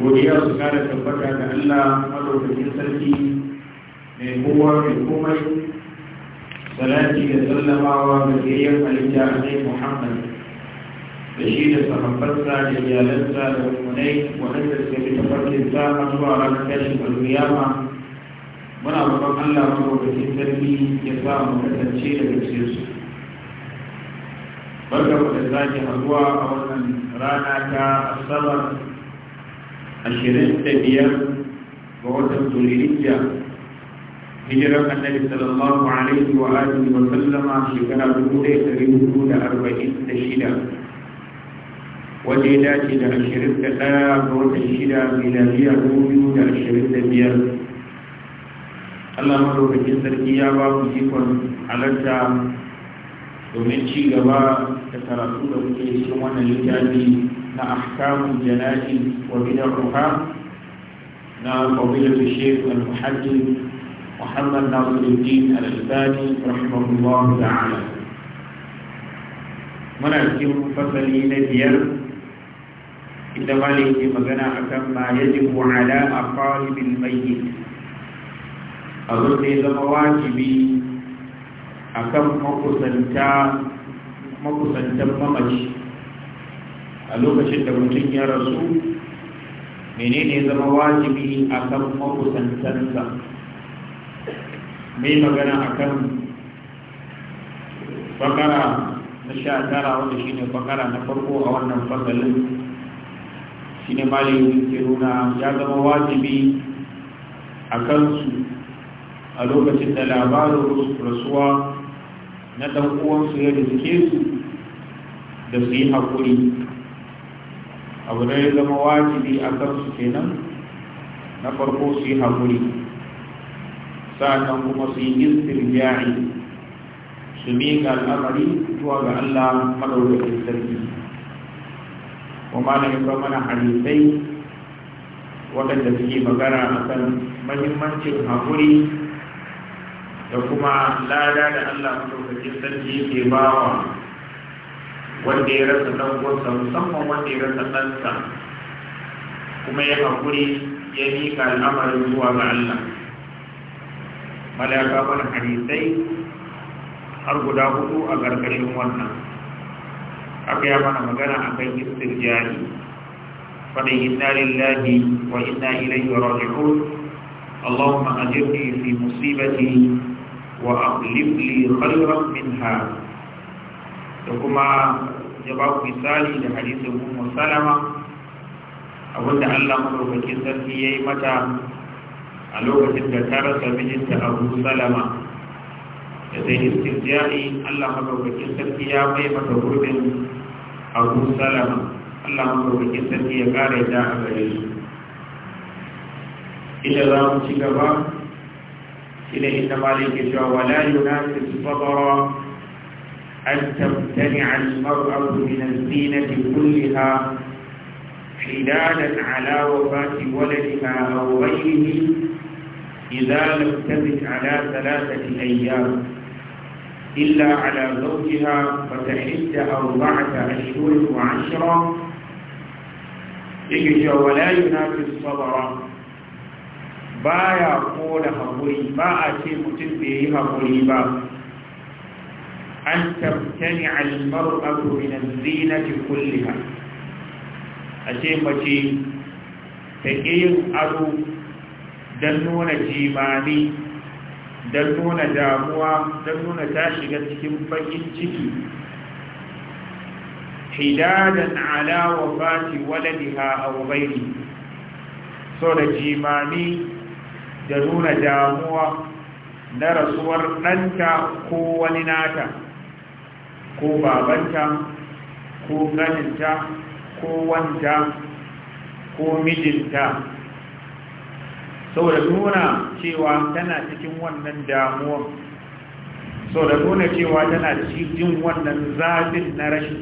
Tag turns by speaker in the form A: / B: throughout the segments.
A: godiya su da tabbata da Allah madaukakin sarki mai kowa mai komai salati da sallamawa ga gayyar halitta a zai Muhammad da shi da sahabbarsa da iyalansa da rumunai waɗanda suka fi tafarkin sa a zuwa ranar tashin muna roƙon Allah madaukakin sarki ya sa mu kasance da gaske su barka da zaki haɗuwa a wannan rana ta asabar ashirin da biyar ga watan zulhijja hijiran annabi sallallahu alaihi wa alihi wa sallama shekara dubu ɗaya ɗari hudu da arba'in da shida wanda ya dace da ashirin da ɗaya ga watan shida miladiya dubu biyu da ashirin da biyar Allah madaukakin sarki ya ba ku ikon halarta domin ci gaba da karatu da kuke cikin wannan littafi na ahkamu janaji wa bidaruha na fadilatu sheikh almuhaddith muhammad nasiruddin alalbani rahimahullahu ta'ala muna cikin fasali na biyar inda mali magana a kan ma yajibu ala aqalibil mayyit abin da ya zama wajibi a kan makusanta mamaci a lokacin da mutum ya rasu menene zama wajibi a kan makusantansa mai magana a kan bakara na sha tara wanda shi ne bakara na farko a wannan fasalin shi ne malayin ke nuna ya zama wajibi a kansu a lokacin da labarin rasuwa na ɗan'uwansu ya riske su da su yi haƙuri abu da ya zama wajibi a kansu kenan na farko su yi haƙuri sa'an kuma su yi istirja'i su miƙa al'amari zuwa ga Allah madaukakin sarki kuma na yi mana hadisai waɗanda suke magana a kan mahimmancin hakuri da kuma lada da Allah madaukakin sarki ke bawa wanda ya rasa dan uwansa musamman wanda ya rasa ɗansa kuma ya haƙuri ya miƙa al'amarin zuwa ga Allah malaka mana hadisai har guda hudu a ƙarƙashin wannan aka yi mana magana a kan jari. faɗin inna lillahi wa inna ilaihi raji'un اللهم أجرني في مصيبتي وأخلف لي خيرا منها da kuma ya ba ku misali da hadisin ummu salama abinda Allah madaukakin sarki ya yi mata a lokacin da ta rasa mijinta abu salama da zai istirjai Allah madaukakin sarki ya mai mata gurbin abu salama Allah madaukakin sarki ya kare yadda a gare su ita za mu ci gaba shi ne inda malin ke cewa wala su sabara أن تمتنع المرأة من الزينة كلها حلالا على وفاة ولدها أو غيره إذا لم تزد على ثلاثة أيام إلا على زوجها فتحد أربعة أشهر وعشرة إجا ولا ينافي الصبر با يقول هبوري با أتي متن هبوري با أن تمتنع المرأة من الزينة كلها أشيمتي تقيم أبو don nuna jimami don nuna damuwa don nuna ta shiga cikin bakin ciki hidadan ala wafati waladiha aw ghairi so da jimami da nuna damuwa na rasuwar ɗanta ko wani nata ko babanta ko ganinta ko wanta ko mijinta saboda nuna cewa tana cikin wannan damuwa saboda nuna cewa tana cikin wannan zafin na rashi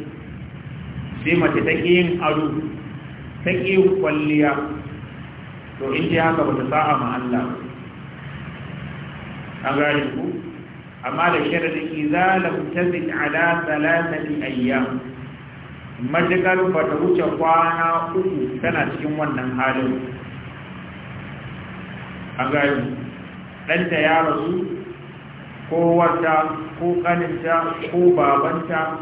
A: sai mace ta yin ado ta ke kwalliya to in haka ba ta sa'a ma'alla Allah an gane ku amma da sharadin idza lam tazid ala thalathati ayyam matakar ba ta wuce kwana uku tana cikin wannan halin A gari ɗanta ya rasu ko wata ko ƙaninta ko babanta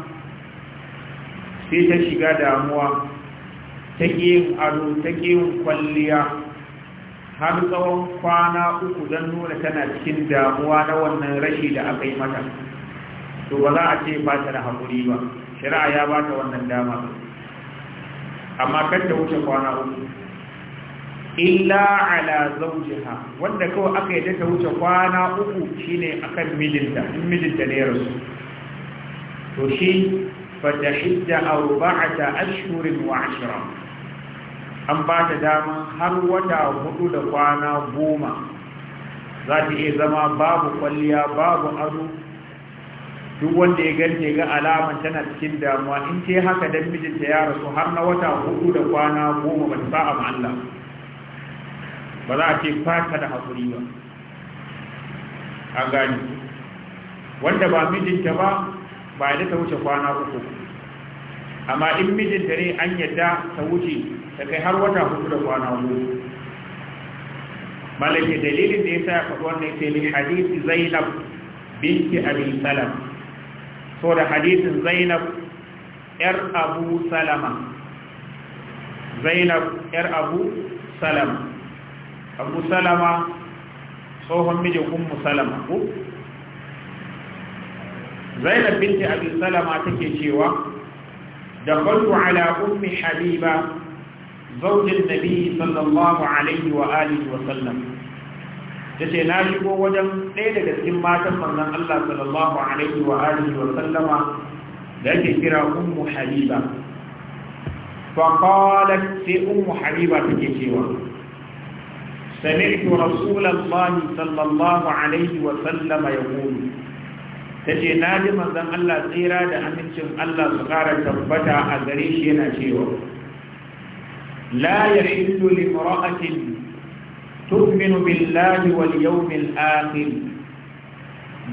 A: sai ta shiga damuwa ta yin aro ta yin kwalliya har tsawon kwana uku don nuna tana cikin damuwa na wannan rashi da aka yi mata to ba za a ce ba ta da haƙuri ba shari'a ya ba ta wannan dama amma kan ta wuce kwana uku illa ala zaujiha. wanda kawai aka yi ta wuce kwana uku shine akan mijinta in mijinta ne ya rasu to shi fatahidda arba'ata ashhurin wa ashra an ba ta daman har wata hudu da kwana goma za ta iya zama babu kwalliya babu ado duk wanda ya gante ga alama tana cikin damuwa in ce haka dan mijinta ya rasu har na wata hudu da kwana goma ba ta ba Allah ba za a ce fata da hakuri ba an gani wanda ba mijinta ba ba ya ta wuce kwana uku amma in mijinta ne an yadda ta wuce ta kai har wata hudu da kwana hudu malaki dalilin da sa ya faɗi wannan sai ni hadisi Zainab binti abin Salam so da hadisin Zainab yar Abu Salama Zainab yar Abu Salama Abu Salama tsohon mijin Ummu Salama ku? Zainab binti abin Salama take cewa dakhaltu ala ummi Habiba زوج النبي صلى الله عليه وآله وسلم tace na shigo wajen ɗaya daga cikin matan manzon Allah sallallahu alaihi wa alihi wa sallama da yake kira ummu habiba fa qalat fi ummu habiba take cewa sami'tu rasulullahi sallallahu alaihi wa sallama yaqulu tace na ji manzon Allah tsira da amincin Allah su ƙara tabbata a gare shi yana cewa لا يحل لامرأة تؤمن بالله واليوم الآخر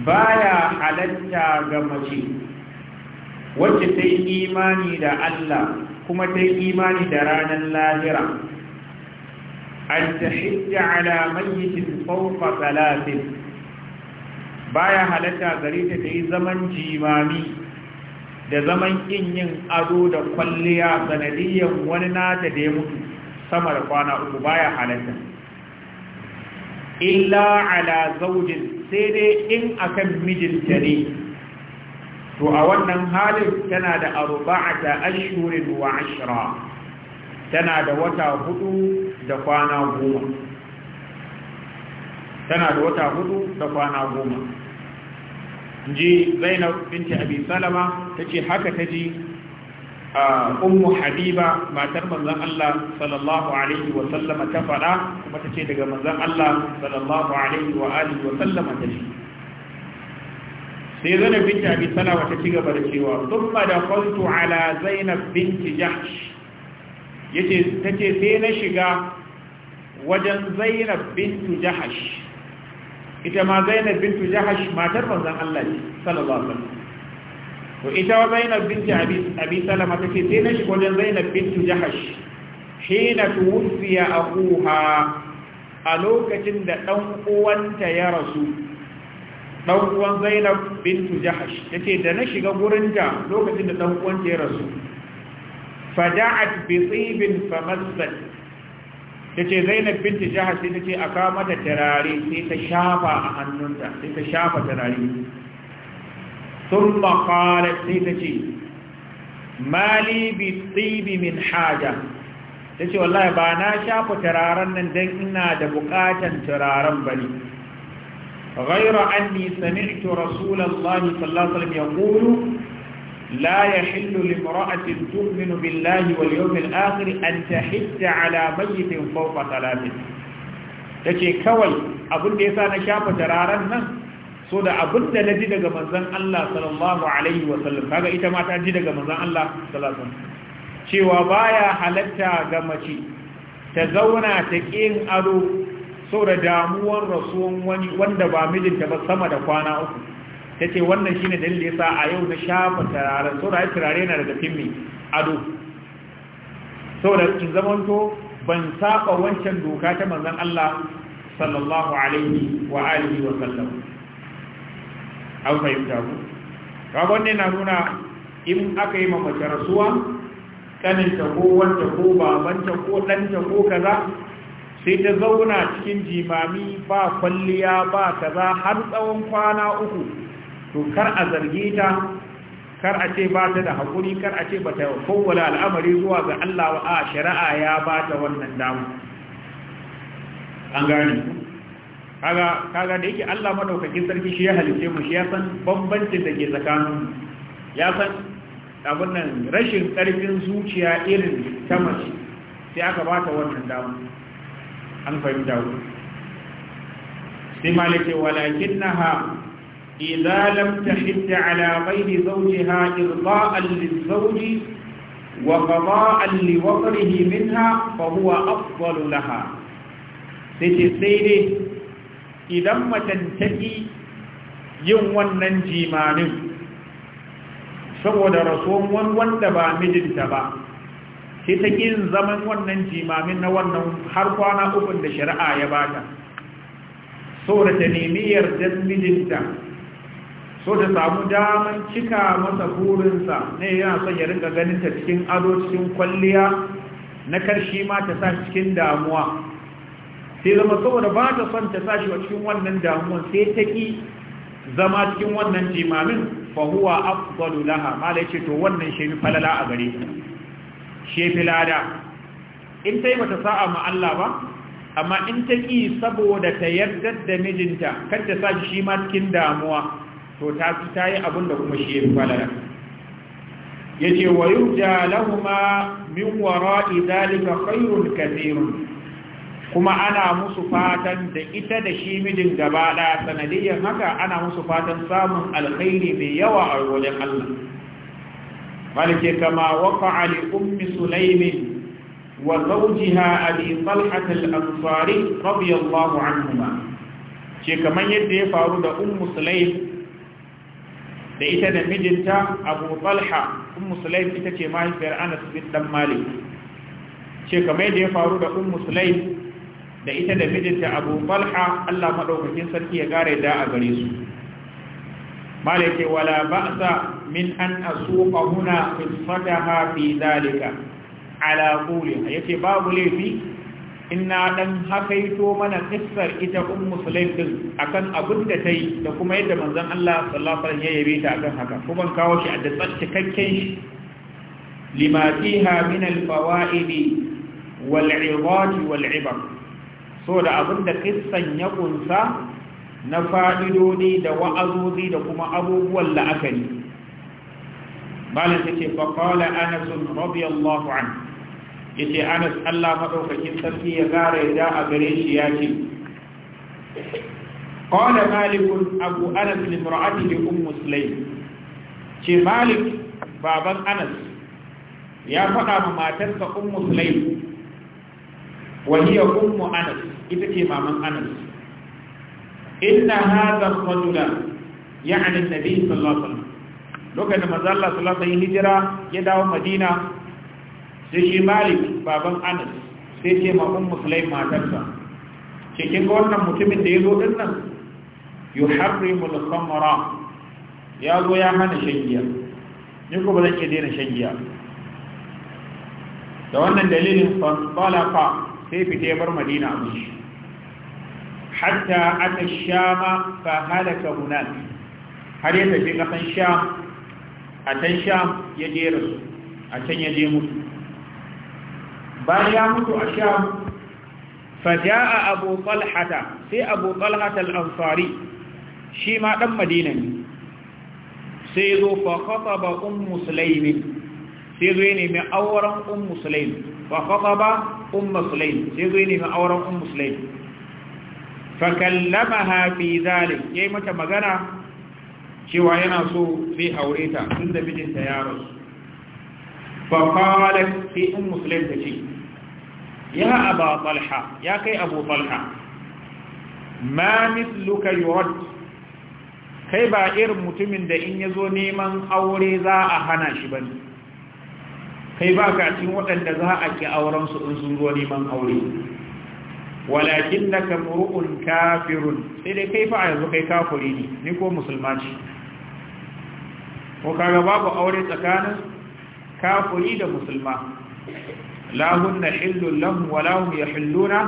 A: بايا حلتا غمشي wacce ta imani da Allah kuma ta imani da ranar lahira an ta shidda ala mayyitin fauka talatin baya halarta gare ta ta yi zaman jimami da zaman kin yin ado da kwalliya sanadiyan wani nata da ya mutu sama da kwana uku baya halatta illa ala zaujin sai dai in akan mijinta ne to a wannan halin tana da arba'ata ashhurin wa ashra tana da wata hudu da kwana goma tana da wata hudu da kwana goma ji zainab binti abi salama ta ce haka taji a ummu habiba matar manzon Allah sallallahu alaihi wa sallama ta fara kuma ta ce daga manzon Allah sallallahu alaihi wa alihi wa sallama ta ce sai zainab binti abi salama ta cigaba da cewa thumma qultu ala zainab binti jahsh yace tace sai na shiga wajen zainab bintu jahash ita ma zainab bintu jahash matar manzon Allah ce sallallahu alaihi wasallam to ita zainab bintu abi abi salama take sai na shiga wajen zainab bintu jahash hina tuwfiya akuha a lokacin da dan uwanta ya rasu dan uwan zainab bintu jahash take da na shiga gurinta lokacin da dan uwanta ya rasu fada'at bi tibin famassat ta ce zainab binti jihar sai ta ce a kama da tarare sai ta shafa a hannunta sai ta shafa sun makare sai ta ce mali bi tsibi min haja ta ce wallahi ba na shafa tararen nan don ina da bukatan tararen ba ne غير أني سمعت رسول الله صلى الله عليه وسلم يقول لا يحل لامرأة تؤمن بالله واليوم الآخر أن تحد على ميت فوق ثلاثة tace kawai abin da yasa na shafa tararan nan so da abin da na ji daga manzon Allah sallallahu alaihi wa sallam kaga ita ma ta daga manzon Allah sallallahu alaihi cewa baya halarta ga mace ta zauna ta kin ado so da rasuwan wani wanda ba mijinta ba sama da kwana uku ta ce wannan shine dalilin yasa a yau na shafa turaren so turare na daga fimmi ado saboda in zamanto ban saba wancan doka ta manzon Allah sallallahu alaihi wa alihi wa sallam an fahimta ku kaga wannan na nuna in aka yi mamace rasuwa kaninta ko wanda ko babanta ko ɗanta ko kaza sai ta zauna cikin jimami ba kwalliya ba kaza har tsawon kwana uku to kar a zarge ta kar a ce ba ta da haƙuri kar a ce ba ta kowwala al'amari zuwa ga Allah wa a shari'a ya ba ta wannan damu an gane kaga kaga da yake Allah madaukakin sarki shi ya halice mu shi ya san bambancin da ke tsakanin ya san abin nan rashin ƙarfin zuciya irin ta mace sai aka ba ta wannan damu an fahimta ku sai malike walakinnaha إذا لم تحد على غير زوجها إرضاء للزوج وقضاء لوطره منها فهو أفضل لها سيدي إذا ما تنتهي yin wannan saboda rasuwan wanda ba mijinta ba sai ta ƙin zaman wannan jimamin na wannan har kwana ukun da shari'a ya bata saboda ta nemi yardar mijinta so ta samu daman cika masa burinsa ne yana son ya rinka ganin ta cikin ado cikin kwalliya na karshe ma ta sa cikin damuwa sai zama saboda ba ta son ta sa shi wa cikin wannan damuwan sai ta ki zama cikin wannan jimamin fahuwa afdalu laha malai ce to wannan shefi falala a gare ta shefi lada in ta yi bata sa'a ma Allah ba amma in ta ki saboda ta yarda da mijinta kar ta sa shi ma cikin damuwa to ta fi ta yi abin da kuma shi ya fi falala ya ce wa yi ja lahuma min wara idalika kairun kathirun kuma ana musu fatan da ita da shi mijin gaba ɗaya sanadiyyar haka ana musu fatan samun alkhairi mai yawa a wajen Allah malike kama waka Ali ummi sulaimin وزوجها أبي طلحة الأنصاري رضي الله عنهما yadda ya faru da أم سليم da ita da mijinta abu talha ummu sulaim ita ce mahaifiyar anas bin dan malik ce kamar da ya faru da ummu sulaim da ita da mijinta abu talha Allah madaukakin sarki ya gare da a gare su malike wala ba'sa min an asuqa huna qismataha fi dalika ala ya yace babu laifi in na yi hakaito mana kissar ita ummu sulaim din akan abin da ta yi da kuma yadda manzon Allah sallallahu ya yabe ta akan haka kuma kawo shi a da cikakken shi lima fiha min al wal 'idat wal 'ibar so da abin da kissan ya kunsa na fa'idodi da wa'azozi da kuma abubuwan la'akari Malam ce fa qala anas radiyallahu anhu yace Anas Allah madaukakin sarki ya gara ya yadda a gare shi ya ce. qala malik abu anas li da umm sulaym ce malik baban anas ya faɗa ma matarsa ummu sulaym wa hiya ummu anas ita ce maman anas inna hadha ar-rajula ya'ni nabi sallallahu alaihi wasallam lokacin manzo Allah sallallahu alaihi hijira ya dawo Madina sai shi malik baban anas sai ce ma ummu sulaim matarsa ce kin ga wannan mutumin da ya zo din nan yuharrimu al-khamra ya zo ya hana shan giya ni ko ba zan iya daina shan da wannan dalilin fasalafa sai fita ya bar madina a mushi hatta aka shama fa halaka hunan har ya tafi kasan sham a can sham ya je su, a can ya je mutu bayan ya mutu a sha. sham a abu talhata sai abu talhata al-ansari shi ma dan madina ne sai zo fa khataba ummu sulaym sai zo ne mai auren ummu sulaym fa ba ummu sulaym sai zo ne mai auren ummu sulaym fa kallamaha fi zalik yayi mata magana cewa yana so zai aure ta tun da mijinta ya rasu ba kawalar sai in musulun ta ce ya aba talha ya kai abu talha ma misluka yurad kai ba irin mutumin da in yazo neman aure za a hana shi bane kai ba ka cikin waɗanda za a ki auren su in sun zo neman aure walakin na muru'un kafirun sai dai kai fa a yanzu kai kafuri ne ni ko musulma ce ko kaga babu aure tsakanin kafuri da musulma lahunna hillun lahum wa lahum yahilluna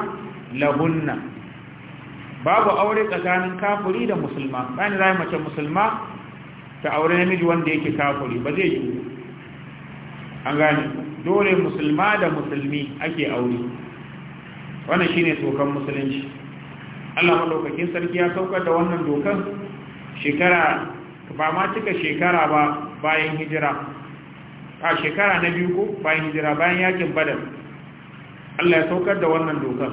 A: lahunna babu aure tsakanin kafiri da musulma bayan zai mace musulma ta aure namiji wanda yake kafiri ba zai yi an gane dole musulma da musulmi ake aure wannan shine tsokan musulunci Allah madaukakin sarki ya saukar da wannan dokan shekara ba ma cika shekara ba bayan hijira a shekara na biyu ko bayan hijira bayan yakin badar Allah ya saukar da wannan dokar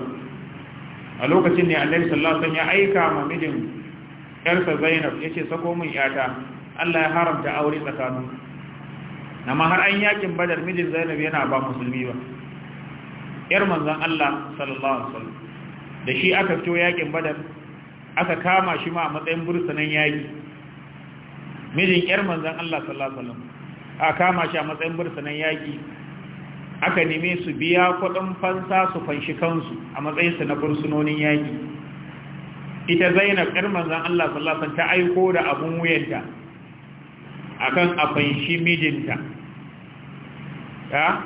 A: a lokacin ne Allah sallallahu alaihi wasallam ya aika ma mijin Zainab yace sako min yata Allah ya haramta aure tsakanin amma har an yakin badar mijin Zainab yana ba musulmi ba yar manzon Allah sallallahu alaihi wasallam da shi aka fito yakin badar aka kama shi ma a matsayin bursanan yaki mijin yar manzon Allah sallallahu alaihi wasallam a kama shi a matsayin birtanen yaƙi aka neme su biya kuɗin fansa su fanshi kansu a matsayinsu na bursunonin yaƙi ita zainab ƴar manzan Allah wasallam ta aiko da abun wuyanta akan a fanshi mijinta ta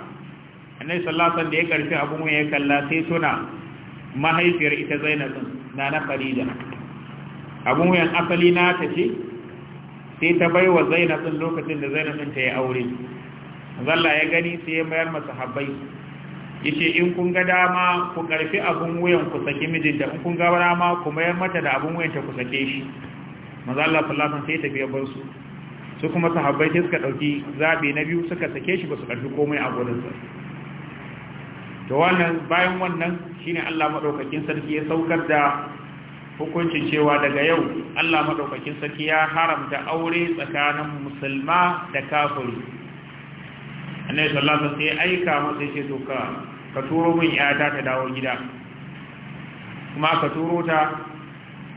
A: annai sallasan da ya karfi abun wuya ya kalla sai tuna mahaifiyar ita Zainab na na farida abun wuyan asali na ta ce sai ta bai wa zainab sun lokacin da zainab din ta yi aure zalla ya gani sai ya mayar masa habbai yace in kun ga dama ku karfi abun wuyan ku saki mijinta in kun ga dama ku mayar mata da abun wuyan ta ku sake shi Mazalla Allah sallallahu alaihi wasallam sai tafi ya bar su su kuma sahabbai sai suka dauki zabe na biyu suka sake shi ba su karfi komai a gurin sa to wannan bayan wannan shine Allah madaukakin sarki ya saukar da hukuncin cewa daga yau Allah madaukakin sarki ya haramta aure tsakanin musulma da kafiri annabi sallallahu alaihi wasallam sai aika masa ce to ka ka turo min yata ta dawo gida kuma ka turo ta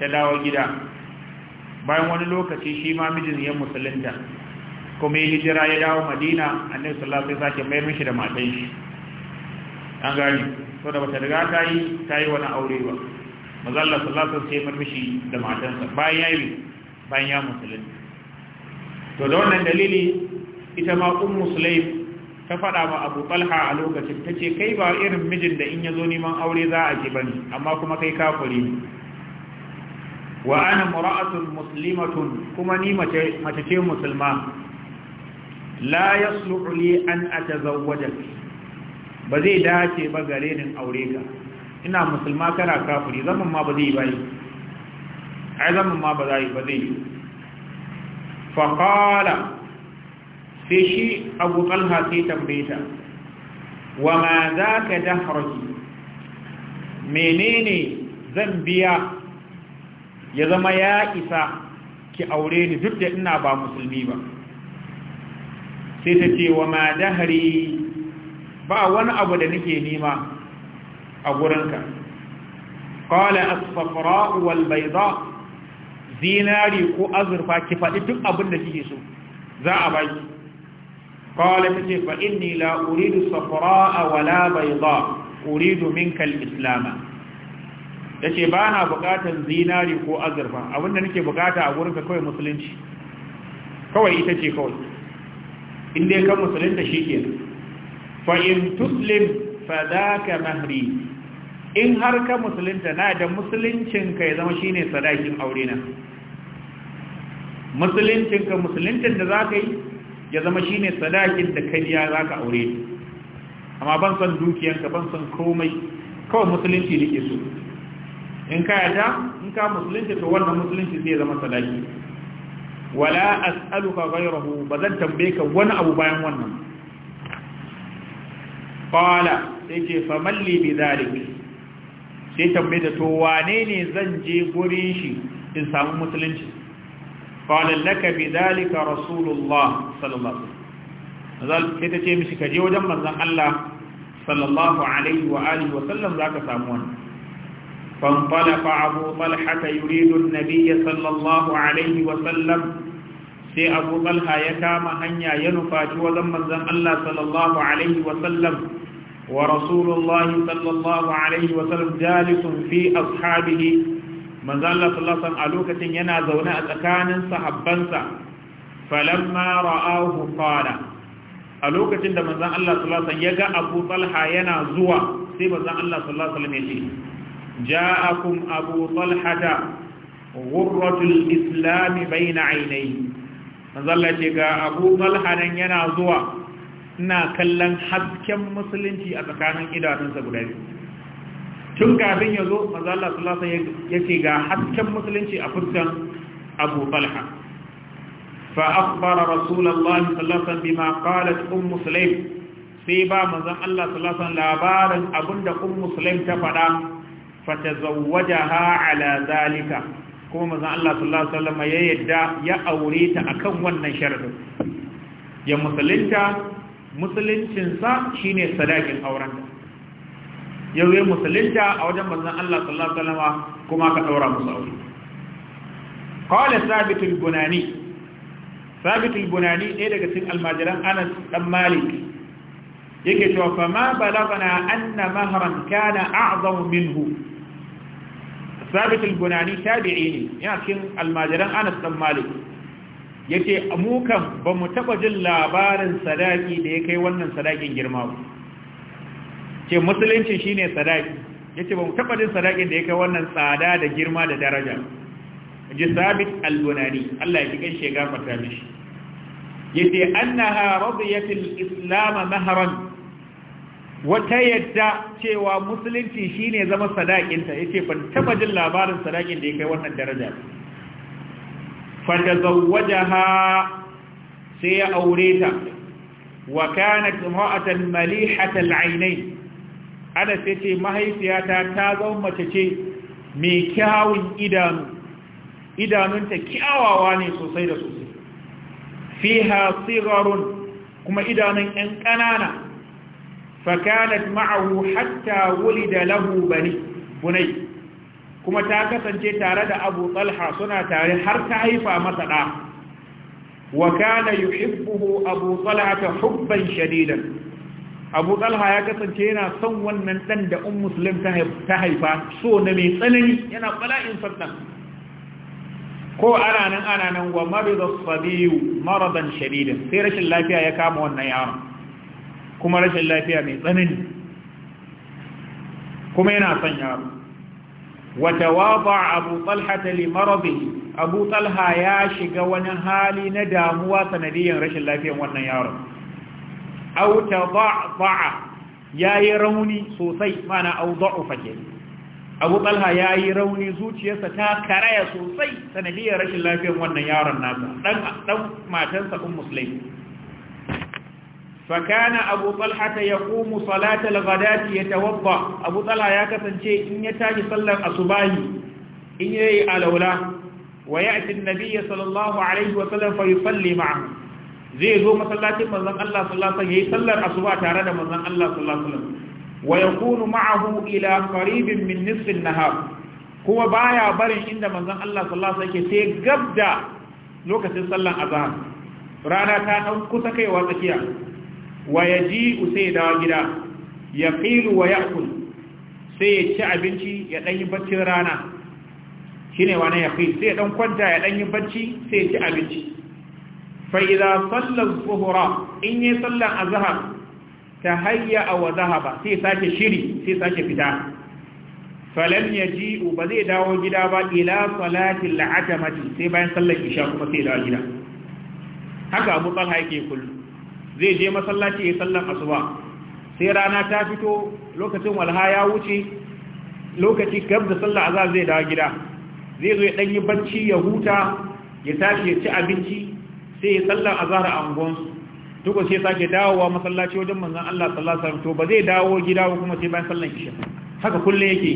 A: ta dawo gida bayan wani lokaci shi ma mijin ya musulunta kuma ya hijira ya dawo madina annabi sallallahu alaihi wasallam sai mayar mishi da matan shi an gani saboda bata riga ta yi ta yi wani aure ba maza Allah sallallahu alaihi wasallam mishi da matansa bayan yayi bayan ya musulunta to da wannan dalili ita ma ummu sulaim ta faɗa ma abu talha a lokacin ta ce kai ba irin mijin da in ya zo neman aure za a ki bane amma kuma kai kafiri ne wa ana mura'atun muslimatun kuma ni mace mace ce musulma la yasluhu li an atazawwajak ba zai dace ba gare ni aure ka ina musulma kana kafiri zaman ma ba zai bai ai zaman ma ba zai ba zai fa qala sai shi Abu Talha sai tambaye ta wa ma zaka dahraki menene zan biya ya zama ya isa ki aure ni duk da ina ba musulmi ba sai ta ce wa ma dahari ba wani abu da nake nema a gurinka qala as-safra wal bayda zinari ko azurfa ki faɗi duk abin da kike so za a baki qala tace fa inni la uridu a wala baiza uridu minka al-islam ce, ba na bukatan zinari ko azurfa abin da nake bukata a gurinka kawai musulunci kawai ita ce kawai in dai kan musulunta shi ke fa in tuslim fa ka mahri in har ka musulunta na da musuluncinka ya zama shine sadakin aure na musuluncinka musuluntin da za ka yi ya zama shine sadakin da kariya za ka aure amma ban san dukiyanka ban san komai kawai musulunci ke so in ka yata in ka musulunci to wannan musulunci zai zama sadaki wala as'aluka ghayrahu zan tambaye ka wani abu bayan wannan qala sai ce famalli bi dhalik sai tambaye da to wane ne zan je gurin shi in samu musulunci qala laka bidhalika rasulullah sallallahu alaihi sai ta ce mishi ka je wajen manzon Allah sallallahu alaihi wa alihi wa sallam zaka samu wani. فانطلق أبو طلحة يريد النبي صلى الله عليه وسلم sai abu talha ya kama hanya ya nufaci wajen manzan Allah sallallahu ورسول الله صلى الله عليه وسلم جالس في أصحابه من ذا الله صلى الله عليه وسلم ألوكة ينا زونا أتكان صحبانسا فلما رآه قال ألوكة دا من ذا الله صلى الله عليه وسلم يقى أبو طلحة ينا زوا سيب ذا الله صلى الله عليه وسلم يشي جاءكم أبو طلحة غرة الإسلام بين عينيه من ذا الله يقى أبو طلحة ينا زوا ina kallon hasken musulunci a tsakanin idanunsa guda biyu tun kafin ya zo maza Allah ya ce ga hasken musulunci a fuskan Abu Talha fa akhbara Rasulullah sallallahu alaihi wasallam bima qalat Umm Sulaim sai ba manzon Allah sallallahu alaihi wasallam labarin abinda Umm Sulaim ta faɗa fatazawwajaha ala zalika kuma mazan Allah sallallahu ya yadda ya aure ta akan wannan sharadin ya musulunta musuluncinsa shine sadakin auren yau yi musulunta a wajen manzon Allah sallallahu alaihi kuma ka daura musu aure qala sabit bunani sabit bunani ɗaya daga cikin almajiran Anas dan Malik yake cewa fa ma balagana anna mahran kana a'zamu minhu sabit al tabi'i ne yana cikin almajiran Anas dan Malik yace amukan ba mu taba jin labarin sadaki da ya kai wannan sadakin girma ba ce musulunci shine sadaki yace ba mu taba jin sadakin da ya kai wannan tsada da girma da daraja ji sabit al-bunani Allah ya kike shi fata mishi yace annaha radiyatul islam mahran wata yadda cewa musulunci shine zama sadakin ta yace ban taba jin labarin sadakin da ya kai wannan daraja ba fatazawwajaha sai ya aure ta wa kanat ma'atan malihata ainain ana sai ce mahaifiyata ta zama mace ce mai kyawun idanu idanunta kyawawa ne sosai da sosai fiha sigarun kuma idanun yan kanana fakanat ma'ahu hatta wulida lahu bani bunai kuma ta kasance tare da abu talha suna tare har ta haifa masa ɗa wa kana yuhibbuhu abu talha ta hubban shadidan abu talha ya kasance yana son wannan ɗan da un musulun ta haifa so na mai tsanani yana bala'in son ko ana nan ana nan wa marida sabiyu maradan shadidan sai rashin lafiya ya kama wannan yaron kuma rashin lafiya mai tsanani kuma yana son yaro وتواضع ابو طلحه لمرضه ابو طلحه يا شiga wani hali na damuwa sanadiyan rashin lafiyar wannan yaron aw tadha'a yayi rauni sosai mana aw da'afa abu talha yayi rauni zuciyarsa ta karaya sosai sanadiyar rashin lafiyar wannan yaron nasa dan dan matarsa ummu فكان أبو طلحة يقوم صلاة الغداة يتوضأ أبو طلحة يكسن شيء إن يتاج صلى أصباه إن يأي ألولا ويأتي النبي صلى الله عليه وسلم فيصلي معه زي زو مسلاة مزن الله صلى الله عليه وسلم يصلى أصباه تارد مزن الله صلى الله عليه وسلم ويكون معه إلى قريب من نصف النهار kuma baya barin inda manzon Allah sallallahu alaihi wasallam yake sai gabda lokacin sallan azhar rana ta dan kusa kaiwa tsakiya wa yaji'u sai ya dawo gida Ya yaqilu wa ya'kul sai ya ci abinci ya ɗanyi baccin rana shi ne wani ya fi sai ɗan kwanta ya ɗanyi bacci sai ya ci abinci fa'iza sallar tsohora in yi sallar a zahar ta hayya a wa zahaba sai sake shiri sai sake fita falon ya ji ba zai dawo gida ba ila salatin la'atamati sai bayan sallar isha kuma sai dawo gida haka abu tsalha yake kullum zai je masallaci ya sallan asuba sai rana ta fito lokacin walha ya wuce lokaci gab da sallar azhar zai dawo gida zai zo ya dan yi bacci ya huta ya tashi ya ci abinci sai ya sallar azhar a unguwansu tuko sai sake dawowa masallaci wajen manzon Allah sallallahu alaihi wasallam to ba zai dawo gida kuma sai bayan sallar isha haka kulle yake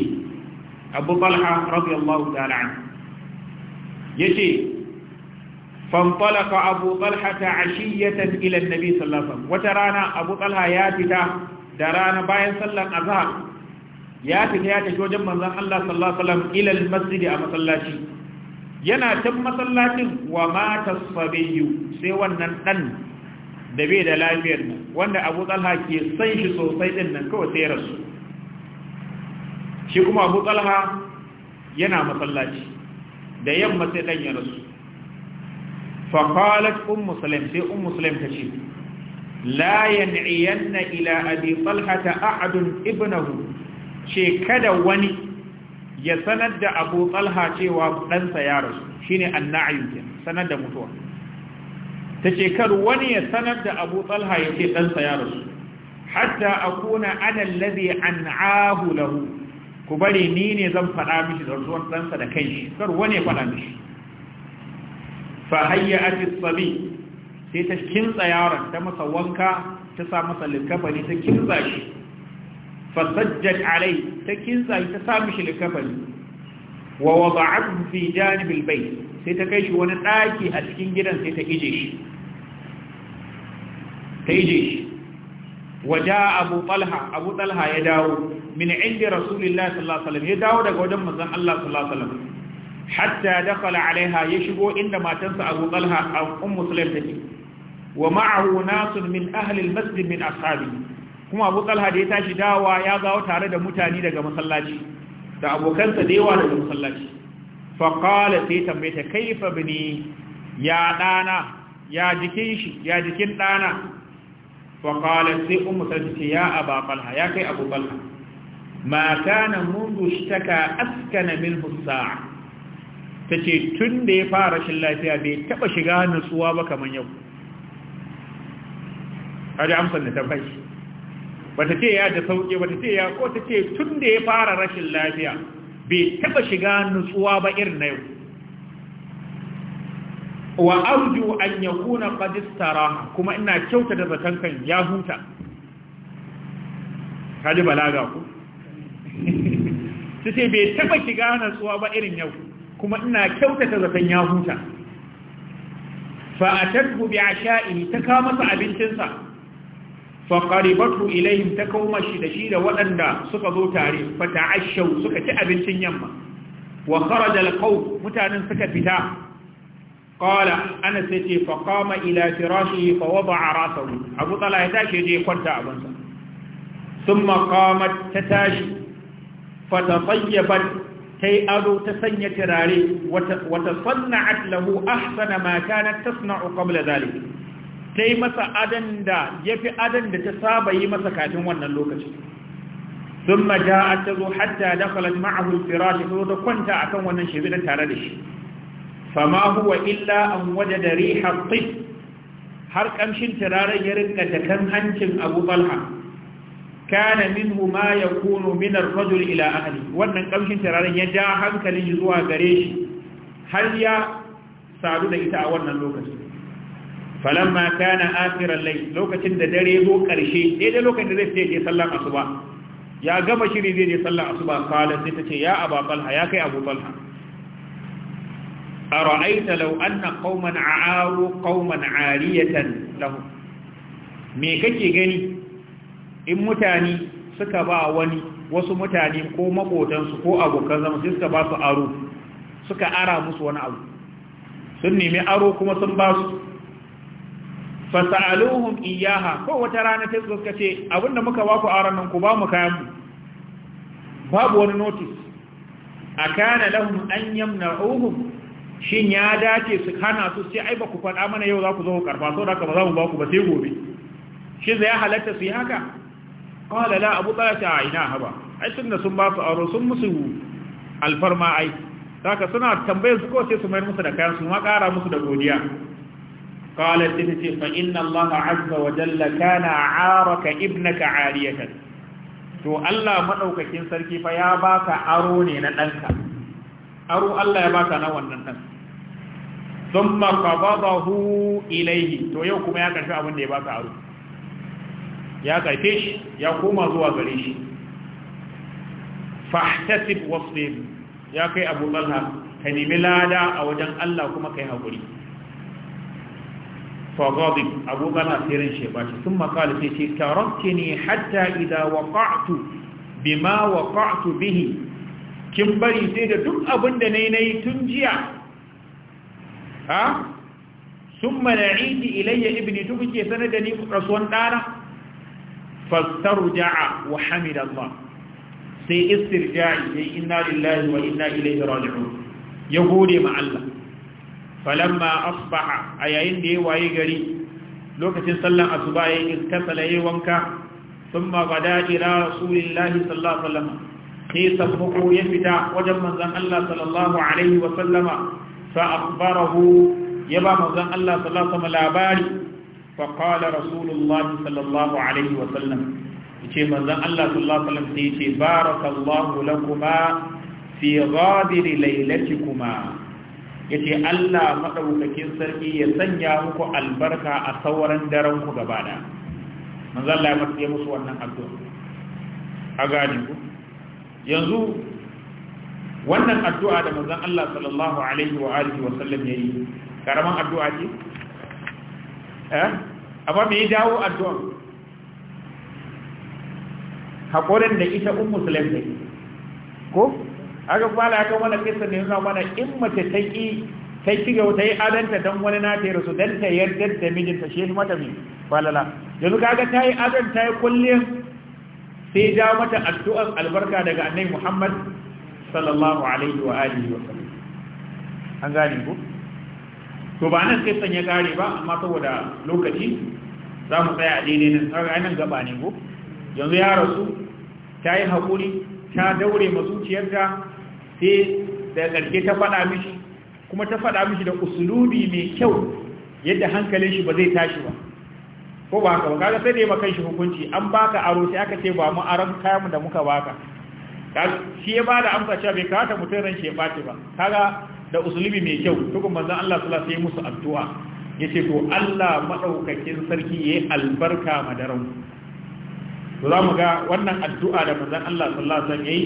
A: Abu Talha radiyallahu ta'ala anhu yace فانطلق أبو طلحة عشية إلى النبي صلى الله عليه وسلم وترانا أبو طلحة ياتتا درانا باين صلى a ياتتا ياتتا شو جمع الله صلى الله عليه وسلم إلى المسجد أما صلاتي yana can masallacin wa mata sabiyu sai wannan dan da bai da lafiyar nan wanda abu talha ke san shi sosai din nan kawai sai rasu shi kuma abu yana masallaci da yamma sai dan ya rasu فقالت أم سلم سي أم سلم تشي لا ينعين إلى أبي طلحة أحد ابنه شي كدا وني يسند أبو طلحة شي وابنسى يا رسول شيني النعي سند متوى تشي كد وني يسند أبو طلحة يشي تنسى يا رسول حتى أكون أنا الذي أنعاه له ku bari ni ne zan faɗa mishi zarzuwan ɗansa da kai shi kar wani faɗa mishi fa hayya sabi sai ta kintsa yaron ta masa wanka ta sa masa likafani ta kinsa shi fa sajjat alai ta kintsa shi ta sa mishi likafani wa wada'ahu fi janibil bayt sai ta kai shi wani daki a cikin gidan sai ta ije shi ta ije shi waja abu talha abu talha ya dawo min inda rasulullahi sallallahu alaihi wasallam ya dawo daga wajen manzon Allah sallallahu alaihi wasallam hatta dakhala alaiha ya shigo inda matansa Abu Talha a ummu Sulaim take wa ma'ahu nasun min ahli al-masjid kuma Abu Talha da ya tashi dawa ya gawo tare da mutane daga masallaci da abokansa da yawa daga masallaci fa qala sai tambaye ta kaifa bini ya dana ya jikin shi ya sai ummu Sulaim ce ya Abu ya kai Abu Talha ma kana mundu ta ce tun da ya fara rashin lafiya bai taba shiga nutsuwa ba kamar yau a da amsar da ta bai ba ta ce ya da sauƙi ba ta ce ya ko ta ce tun da ya fara rashin lafiya bai taba shiga nutsuwa ba irin na yau wa arju an yakuna qad istaraha kuma ina kyauta da zaton kan ya huta kaji balaga ku sai bai taba shiga nutsuwa ba irin yau kuma ina kyautata zaton ya huta fa atadhu bi asha'i ta kawo masa abincinsa fa qaribatu ilayhim ta kawo mashi da shi da waɗanda suka zo tare fa ta'ashaw suka ci abincin yamma wa kharaja alqaw mutanen suka fita qala ana sace fa qama ila firashihi fa wada'a rasahu abu tala ya tashi je kwanta abinsa thumma qamat ta tashi fa tai ado ta sanya turare wata sanna a lahu ahsana mata na tasna ukwabla zali ta yi masa adan da ya fi da ta saba yi masa kafin wannan lokaci sun maja a ta zo hatta da falas ma'ahul firashi ta kwanta akan kan wannan shebidan tare da shi fama huwa illa an waje da rihar tsif har ƙamshin turare ya rinka ta kan hancin abu falha kana minhu ma yakunu min ar-rajul ila ahli wannan kamshin turaren ya ja hankali zuwa gare shi har ya sadu da ita a wannan lokacin falamma kana akhiral layl lokacin da dare zo karshe daidai lokacin da zai fita ya sallan asuba ya gama shiri zai je sallan asuba kala sai tace ya aba talha ya kai abu talha ara'aita law anna qauman a'aru qauman 'ariyatan lahum me kake gani in mutane suka ba wani wasu mutane ko makotansu ko abokan zama sai suka ba su aro suka ara musu wani abu sun nemi aro kuma sun ba su fasa'aluhum iyaha ko wata rana ta suka ce abinda muka ba ku aron nan ku ba mu kayan mu babu wani notice a lahum an yamna'uhum shin ya dace su hana su sai ai ba ku faɗa mana yau za ku zo ku karba sau da ka ba za mu ba ku ba sai gobe shi zai halatta su yi haka qala la abu ɗaya a ina haba ai da sun ba su aro sun musu alfarma ai ka suna tambayar su ko sai su mayar musu da kayan su ma ƙara musu da godiya qala ta ce fa inna allah azza wa jalla kana araka ibnaka ariyatan to allah maɗaukakin sarki fa ya baka aro ne na ɗanka? aro allah ya ba ka na wannan ba thumma qabadahu ilaihi. to yau kuma ya karfi abin da ya ba baka aro ya karfe shi ya koma zuwa gare shi fahtasib wasbir ya kai abu dalha ka nemi lada a wajen Allah kuma kai haƙuri fagadib abu dalha sai ran shi ba shi sun makali sai ce tarabke ne hatta idan waƙa'atu bima waƙa'atu bihi kin bari sai da duk abin na yi tun jiya ha sun mana'idi ilayya ibini duk ke sanar da ni rasuwan ɗana fastarja'a wa hamidallah sai istirja'i ya inna lillahi wa inna ilaihi raji'un ya gode ma Allah falamma asbaha a yayin da ya waye gari lokacin sallan asuba ya yi tasala ya wanka thumma bada ila rasulillahi sallallahu alaihi wasallam sai sabbuko ya fita wajen manzon Allah sallallahu alaihi wasallama fa akhbarahu ya ba manzon Allah sallallahu alaihi wasallam labari faƙala rasulullah sallallahu alaihi wasallam ce manzan Allah sallallahu alaihi wasallam sai ce barakallahu lakuma fi ghadir lailatikuma yace Allah madaukakin sarki ya sanya muku albarka a sauran daren ku gaba da manzan Allah ya matsaye musu wannan addu'a a gani ku yanzu wannan addu'a da manzan Allah sallallahu alaihi wa alihi wasallam yayi karaman addu'a ce Eh? amma me ya dawo addu'an. haƙorin da ita un musulun ne ko aka kwala aka wani kisa ne yana mana in mace ta ƙi ta ƙi ga wata yi adanta don wani na ta yi rasu don ta yarda da mijinta shi shi mata mai kwalala. yanzu kaga ta yi adan ta yi sai ja mata addu'an albarka daga annabi muhammad sallallahu alaihi wa alihi wa sallam an gane ku to ba nan kai sanya kare ba amma saboda lokaci za mu tsaya a daidai nan tsara nan gaba ne ko yanzu ya rasu ta yi haƙuri ta daure mazuciyarta sai da ƙarfe ta faɗa mishi kuma ta faɗa mishi da usulubi mai kyau yadda hankalin shi ba zai tashi ba ko ba haka ba kaga sai dai makan shi hukunci an baka aro sai aka ce ba mu aron kayan da muka baka shi ya bada amsa cewa bai kawata mutum ran shi ya ɓaci ba kaga da usulubi mai kyau tukun manzon Allah sallallahu alaihi musu addu'a yace to Allah madaukakin sarki yi albarka madaran to za mu ga wannan addu'a da manzon Allah sallallahu alaihi wasallam yayi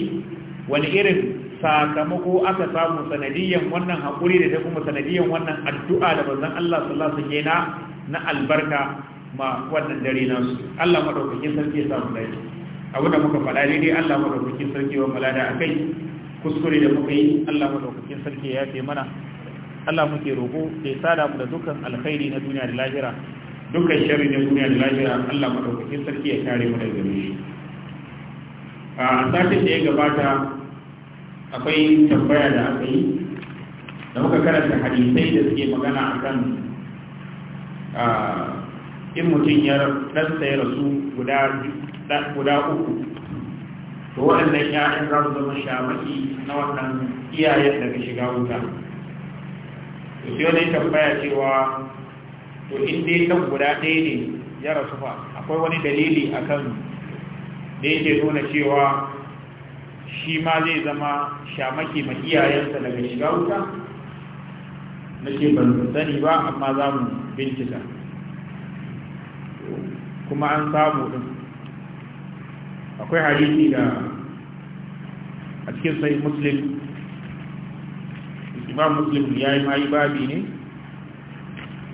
A: wani irin sakamako aka samu sanadiyan wannan hakuri da ta kuma sanadiyan wannan addu'a da manzon Allah sallallahu alaihi wasallam na albarka ma wannan dare nasu Allah madaukakin sarki ya samu dai abu da muka faɗa daidai Allah madaukakin sarki wa malada akai kuskure da muka yi Allah madaukakin sarki ya yafe mana Allah muke roƙo da ya sada mu da dukkan alkhairi na duniya da lahira dukkan sharri na duniya da lahira Allah madaukakin sarki ya kare mu daga gare shi a satin da ya gabata akwai tambaya da aka yi da muka karanta hadisai da suke magana akan in mutum ya rasu guda uku to waɗannan ya'yan za su zama shamaki na wannan iyayen daga shiga wuta to sai wani tambaya cewa to in dai kan guda ɗaya ne ya rasu fa akwai wani dalili akan da yake nuna cewa shi ma zai zama shamaki ma iyayensa daga shiga wuta na ce ban sani ba amma za mu bincika kuma an samu ɗin akwai hadisi da a cikin sai muslim imam muslim ya yi mai babi ne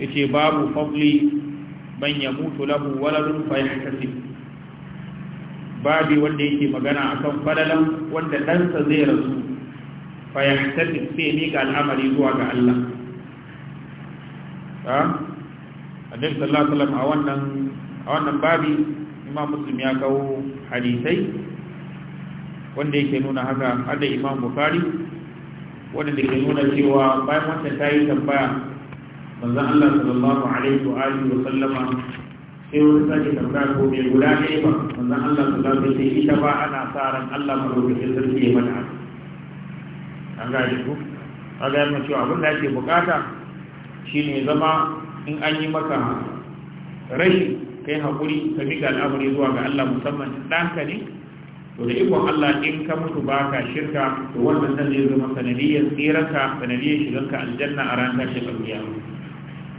A: ya ce babu fabli ban ya mutu lahu waladun kasi babi wanda yake magana akan falalan wanda ɗansa zai rasu kasi sai miƙa al'amari zuwa ga Allah ta a sallallahu alaihi a wannan a wannan babi imam muslim ya kawo hadisai wanda yake nuna haka hada imam bukari wanda ke nuna cewa bayan wata ta yi tambaya manzan Allah sallallahu alaihi wa alihi wa sallama sai wani sake tambaya ko mai guda ne ba manzan Allah sallallahu alaihi wa sallama ita ba ana sa ran Allah malaukakin sarki ya mata an gaji ku a ga yana cewa abin da ake bukata shine zama in an yi maka rashin. kai haƙuri ka miƙa al'amari zuwa ga Allah musamman ɗanka ne to da ikon Allah in ka mutu ba ka shirka to wannan nan zai zama sanadiyar tsiranka shiganka aljanna a ran tashi ƙarfiya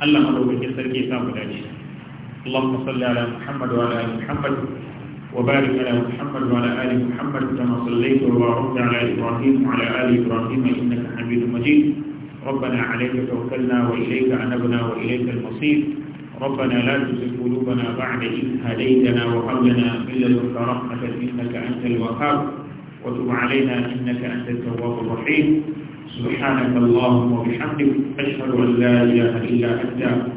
A: Allah madaukakin sarki ya samu dace اللهم صل على محمد وعلى آل محمد وبارك على محمد وعلى آل محمد كما صليت وباركت على إبراهيم وعلى آل إبراهيم إنك حميد مجيد ربنا عليك توكلنا وإليك أنبنا وإليك المصير ربنا لا تزغ قلوبنا بعد إذ هديتنا وهب لنا من لدنك رحمة إنك أنت الوهاب وتب علينا إنك أنت التواب الرحيم سبحانك اللهم وبحمدك أشهد أن لا إله إلا أنت